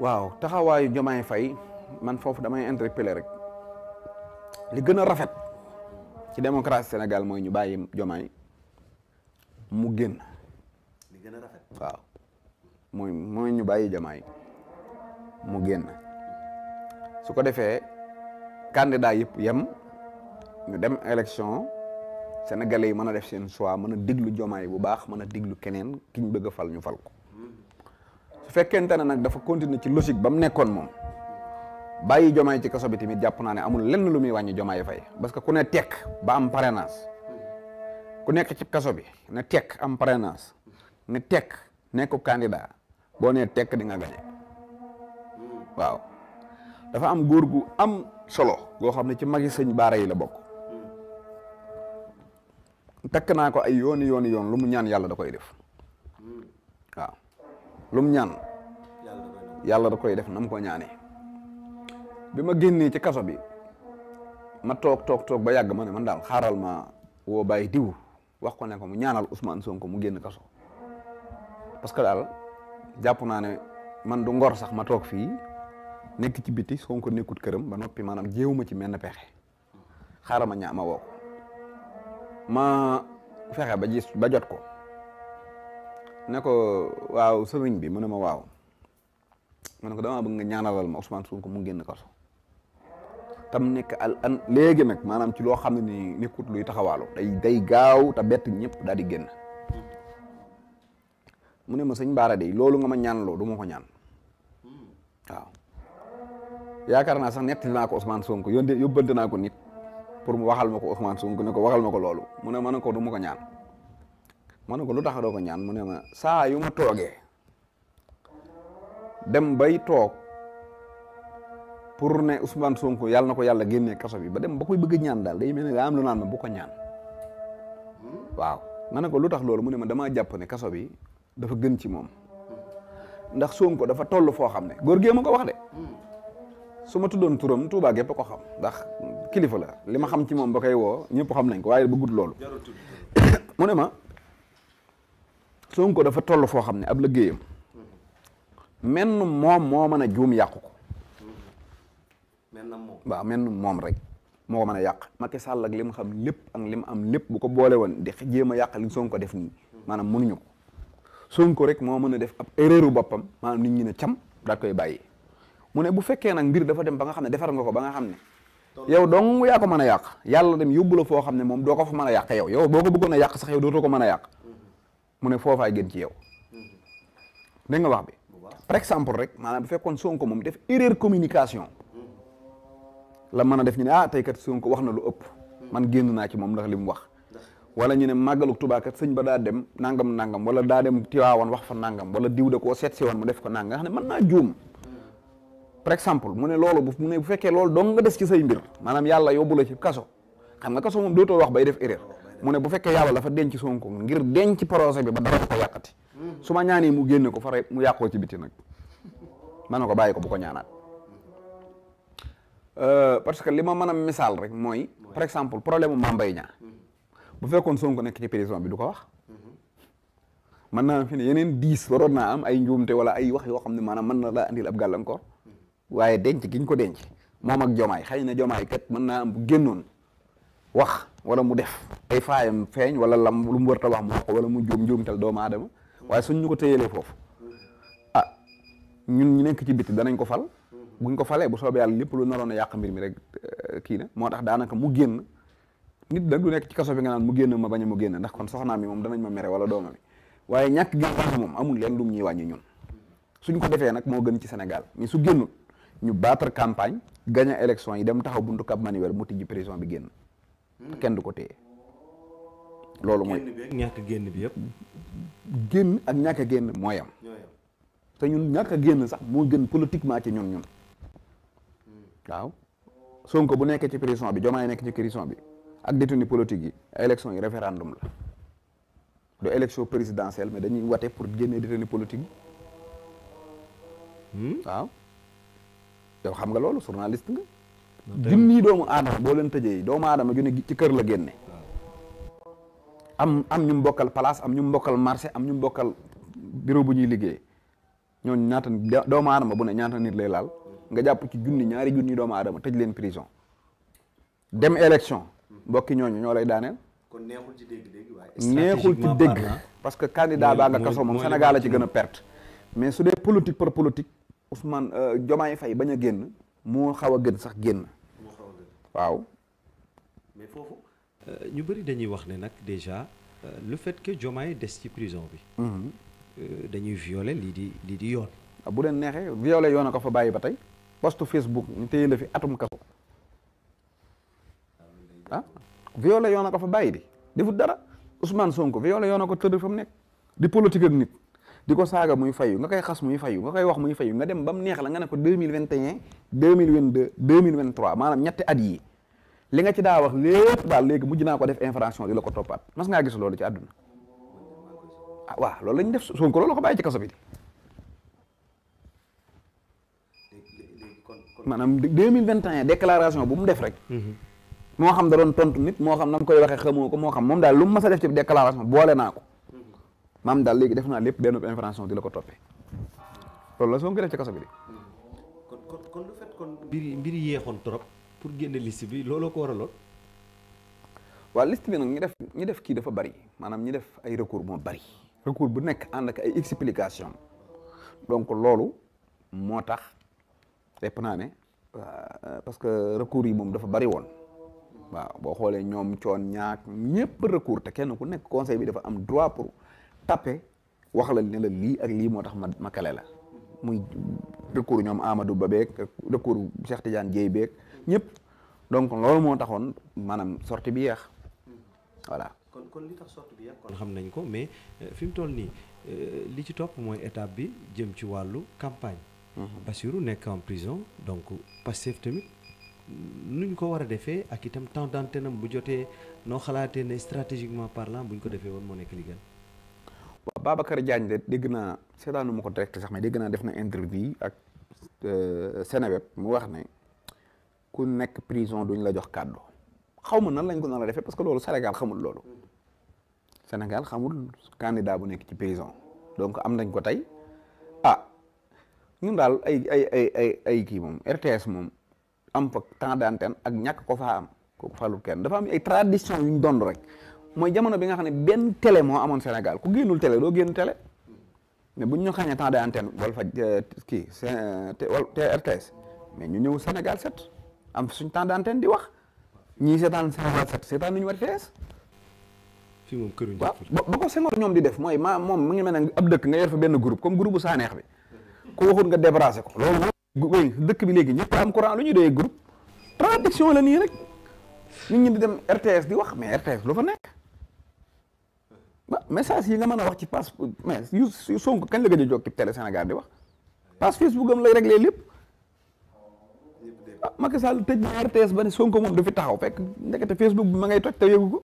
waaw taxawaayu Diomaye fay man foofu damay interpeller rek li gën a rafet ci démocratie Sénégal mooy ñu bàyyi Diomaye mu génn. li gën a waaw mooy mooy ñu bàyyi Diomaye mu génn su ko defee candidat yëpp yem ñu dem élection sénégalais yi mën a def seen soit mën a diglu Diomaye bu baax mën a diglu keneen ki ñu bëgg fal ñu fal ko. fekkente ne nag dafa continuer ci logique ba mu nekkoon moom bàyyi jomaay ci kaso bi tamit jàpp naa ne amul lenn lu muy wàññi jomaay fay parce que ku ne tekk ba am parrainage ku nekk ci kaso bi ne tekk am parrainage ne tekk nekku candidat boo nee tekk di nga gañe waaw dafa am góor gu am solo goo xam ne ci magi sëñ baara yi la bokk takk naa ko ay yooni yooni yoon lu mu ñaan yàlla da koy def waaw lu mu ñaan yàlla da koy def na mu ko ñaane bi ma génnee ci kaso bi ma toog toog toog ba yàgg ma ne man daal xaaral ma woo bàyyi diw wax ko ne ko mu ñaanal Ousmane Sonko mu génn kaso parce que daal jàpp naa ne man du ngor sax ma toog fii nekk ci biti Sonko nekkut këram ba noppi maanaam jéewuma ci menn pexe xaaral ma ñaa ma woo ma fexe ba gis ba jot ko ne ko waaw sëriñ bi mu ne ma waaw ma ne ko dama bëgg nga ñaanalal ma Ousmane Sonko mu génn kaso tam nekk al an léegi nag maanaam ci loo xam ne ni nekkut luy taxawaalu day day gaaw te bett ñëpp daal di génn mu ne ma sëñ Baara de loolu nga ma ñaanloo du ma ko ñaan waaw yaakaar naa sax nettali naa ko Ousmane Sonko yónnee yóbbante naa ko nit pour mu waxal ma ko Ousmane Sonko ne ko waxal ma ko loolu mu ne ma ne ko du ma ko ñaan ma ne ko lu tax doo ko ñaan mu ne ma saa yu ma toogee dem bay toog pour ne Ousmane Sonko yàlla na ko yàlla génnee kaso bi ba dem ba koy bëgg ñaan daal day mel ne daa am lu naan ma bu ko ñaan waaw ma ne ko lu tax loolu mu ne ma damaa jàpp ne kaso bi dafa gën ci moom ndax Sonko dafa toll foo xam ne góor gee ma ko wax de su ma tuddoon turam Touba gépp ko xam ndax kilifa li ma xam ci moom ba koy woo ñëpp xam nañ ko waaye bëggut loolu mu ne ma Sonko dafa toll foo xam ne ab liggéeyam menn moom moo mën a juum yàqu ko waaw menn moom rek moo ko mën a yàq Macky Sall ak li mu xam lépp ak mu am lépp bu ko boole woon di jéem a yàq li Sonko def nii maanaam mënuñu ko Sonko rek moo mën a def ab erreur boppam maanaam ni ñi ne cam daal koy bàyyi mu ne bu fekkee nag mbir dafa dem ba nga xam ne defar nga ko ba nga xam ne yow dong yaa ko mën a yàq yàlla dem yóbbu la foo xam ne moom doo ko fa mën a yàq yow yow boo ko yàq sax yow dootoo ko mën a yàq mu ne foofaay gën ci yow dégg nga wax bi par exemple rek maanaam bu fekkoon Sonko moom def erreur communication la mën a def ñu ne ah tey kat Sonko wax na lu ëpp man génn naa ci moom dax li mu wax wala ñu ne màggalu Tuubaa kat sëñ ba daa dem nangam nangam wala daa dem Tiwaawan wax fa nangam wala diw da koo seet si woon mu def ko nangam nga xam ne mën naa juum par exemple mu ne loolu bu mu ne bu fekkee loolu dong nga des ci say mbir maanaam yàlla yóbbu la ci kaso xam nga kaso moom dootoo wax bay def erreur mu ne bu fekkee yàlla dafa denc Sonko ngir denc projet bi ba dara ko yàqati mm-hmm. su ma ñaanee mu génne ko fare mu yàqoo ci biti nag ma ne ko bàyyi ko bu ko ñaanaat euh, parce que li ma mën a misaal rek mooy par exemple problème mu Mambay ñaa mm-hmm. bu fekkoon Sonko nekk ci prison bi du ko wax mm-hmm. mën naa am fi ne yeneen diis waroon naa am ay njuumte wala ay wax yoo xam ne maanaam mën na laa andil ab gàllankoor waaye denc giñ ko denc moom ak jomaay xëy na jomaay kat mën naa am bu génnoon wax wala mu def ay faayam feeñ wala lam lu mu war a wax mu wax ko wala mu juum njuumtal doomu aadama waaye suñ ñu ko téyelee foofu ah ñun ñu nekk ci bitti danañ ko fal buñ ko falee bu soobee yàlla lépp lu naroon a yàq mbir mi rek eh, kii na moo tax daanaka mu génn nit nag du nekk ci kaso bi nga naan mu génn ma bañ mu génn ndax kon soxnaa mi moom danañ ma mere wala dooma mi waaye ñàkk gi moom amul leen lu mu ñuy wàññi ñun suñ ko defee nag moo gën ci Sénégal mais su génnul ñu battre campagne gagné élection yi dem taxaw buntu Cap Manuel mu tijji prison bi génn kenn du ko téye loolu mooy ñàkk génn bi yëpp génn ak ñàkk génn moo yam te ñun ñàkk a génn sax moo gën politiquement ci ñun ñun hmm. waaw Sonko bu nekkee ci prison bi Diomaye nekk ci prison bi ak détenu politique yi élection yi référendum la doo élection présidentielle mais dañuy wate pour génne détenu politique yi hmm? waaw yow xam nga loolu journaliste nga junni doomu aadama boo leen tëjee doomu aadama ju ne ci kër la génne am am ñu mbokkal place am ñu mbokkal marché am ñu mbokkal bureau bu ñuy liggéey ñooñu ñaata doomu aadama bu ne ñaata nit lay laal nga jàpp ci junni ñaari junni doomu aadama tëj leen prison dem élection mbokki ñooñu ñoo lay daaneel kon neexul ci dégg-dégg waaye neexul dégg parce que candidat baa nga kaso moom Sénégal la ci gën a perte mais su dee politique par politique Ousmane euh, Diomaye fay bañ a génn moo xaw a gën sax génn. moo xaw waaw. mais foofu euh, ñu bëri dañuy wax ne nag déjà euh, le fait que des ci prison bi. Mm-hmm. Euh, dañuy violer lii di lii di yoon. Ah, bu leen neexee violer yoon a ko fa bàyyi ba tey post Facebook ñu téye la fi atum kaso. ah violer a ko fa bàyyi di defut dara Ousmane Sonko violer yoon a ko tëdd fa mu nekk di politique ak nit di ko saaga muy fayu nga koy xas muy fayu nga koy wax muy fayu nga dem ba mu neex la nga ne ko deux mille vingt et deux mille vingt deux deux mille vingt trois maanaam ñetti at yi li nga ci daa wax lépp daal léegi mujj naa ko def infraction di la ko toppaat mas ngaa gis loolu ci àdduna ah waaw loolu lañ def Sonko loolu la ko bàyyi ci kaso bi di maanaam deux mille vingt et un déclaration bu mu def rek mhm. moo xam da doon tontu moo xam na koy waxee xamoo ko moo xam moom daal lu mu mas a def ci déclaration boole naa ko maam daal léegi def naa lépp benn infraction di la ko toppee loolu la Sonko def ci kaso bi kon kon lu fait kon mbiri mbiri yéexoon trop pour génne liste bi looloo ko waraloon. waaw liste bi nag ñi def ñi def kii dafa bari maanaam ñi def ay recours moo bari recours bu nekk ànd ak ay explication donc loolu moo tax lépp naa ne euh, parce que recours yi moom dafa bari woon waaw boo xoolee ñoom coon ñaak ñëpp recours te kenn ku nekk conseil bi dafa am droit pour taper wax la ne la lii ak lii moo tax ma ma la muy recours ñoom Amadou Ba beeg recours Cheikh jaan Dieye beeg ñëpp donc loolu moo taxoon maanaam sortie bi yeex voilà. kon kon li tax sortie bi yeex kon xam nañ ko mais euh, fi mu toll nii euh, li ci topp mooy étape bi jëm ci wàllu campagne. Mhm. Bassirou nekk en prison donc Pastef tamit nuñ ko war a defee ak itam temps d'antenne am bu jotee noo xalaatee ne stratégiquement parlant buñ ko defee woon moo nekk li waaw Babacar Diagne de dégg naa seetaanu ma ko direct sax mais dégg naa def na interview ak euh, Seneweb mu wax ne ku nekk prison duñ la jox kàddu xaw ma nan lañ ko nan la defee parce que loolu senegal xamul loolu Sénégal xamul candidat bu nekk ci prison donc am nañ ko tey ah ñu daal ay ay ay ay ay kii moom RTS moom am fa temps d'antenne ak ñàkk ko faa am kooku faalul kenn dafa am ay tradition yuñ dond rek mooy jamono bi nga xam ne benn télé moo amoon Sénégal ku génnul télé doo génn télé mais bu ñu ñu xañee temps d'antenne euh, wal fa kii RTS mais ñu ñëw Sénégal 7 am suñ temps d'antenne di wax ñii seetaan Sénégal 7 seetaan nañu RTS. fii moom këruñ waaw ba ko Senghor ñoom di def mooy ma moom mu ngi mel ne ab dëkk nga yor fa benn groupe comme groupe bu Saneex bi ku waxut nga débrasé ko loolu moom dëkk bi léegi ñëpp am courant lu ñu doyee groupe tradition la nii rek nit ñi di dem RTS di wax mais RTS lu fa nekk. ba message yi nga mën a wax ci pass mais yu Sonko kañ la gëj a jokki télé Sénégal di wax pass Facebook am lay réglé lépp ah Macky Sall tëj na RTS ba ne Sonko moom du fi taxaw fekk ndekete Facebook bi ma ngay toj te yëgu ko